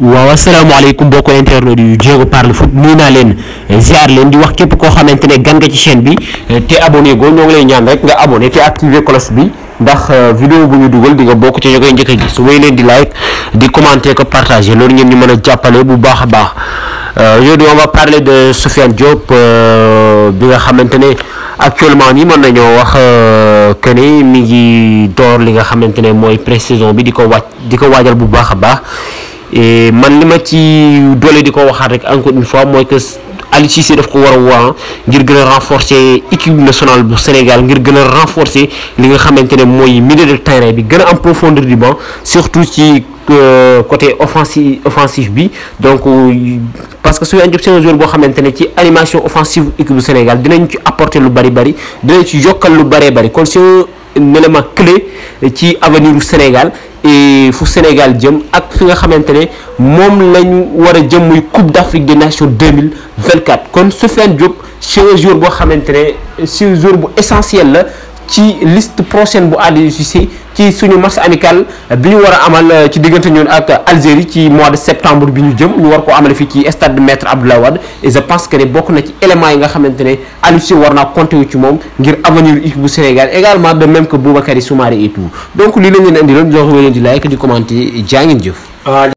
wa assalamu alaykum mbokk internet yu Diego parle foot nuyu naa leen ziar len di wax kep ko xamantene ne gan nga ci chaîne bi te abonné go ñoo lay ñaan rek nga abonné té activer cloche bi ndax euh, vidéo bu ñu dugal di nga bokk ci ñokay koy ji su di like di commenter ko partager loolu ngeen ñu mëna jappalé bu baax baax euh, aujourd'hui on va parler de Sofiane Diop euh, bi nga xamantene actuellement ni mën nañoo wax que ne mi ngi door li nga xamantene moy pré-saison bi diko ko diko di ko bu baax baax et man li ci dolé diko waxat rek encore une fois moy que Ali Cissé daf ko wara wa hein, ngir gëna renforcer équipe nationale bu Sénégal ngir gëna renforcer li nga xamante moy milieu de terrain bi gëna am profondeur du banc surtout ci euh, côté offensif, offensif bi donc euh, parce que suñu Diop c'est un joueur bo xamante ci animation offensive équipe du Sénégal dinañ ci apporter lu bari bari dinañ ci yokal lu bari bari kon c'est un élément clé ci avenir du Sénégal fu Sénégal jëm ak fi nga xamantene mom lañu wara à jëm muy Coupe d'Afrique des Nations 2024 kon Sofiane Diop c'est un jour bo xamantene ci c'est un jour bu essentiel la ci list prochaine bu ADCC ci suñu match amical bi ñu war a amal euh, ci diggante ñoon ak Algérie ci mois de septembre bi ñu jëm ñu war ko amal fii ci stade maître ab Wade et je pense que ne bokk na ci éléments yi nga xamante ne Aliou Cissé war naa compter ci moom ngir avenir équipe bu Sénégal également de même que Boubakary Soumaré et tout donc lii la ñu leen andi loon di la wax di like di commenter jaa ngeen jëf. Ah,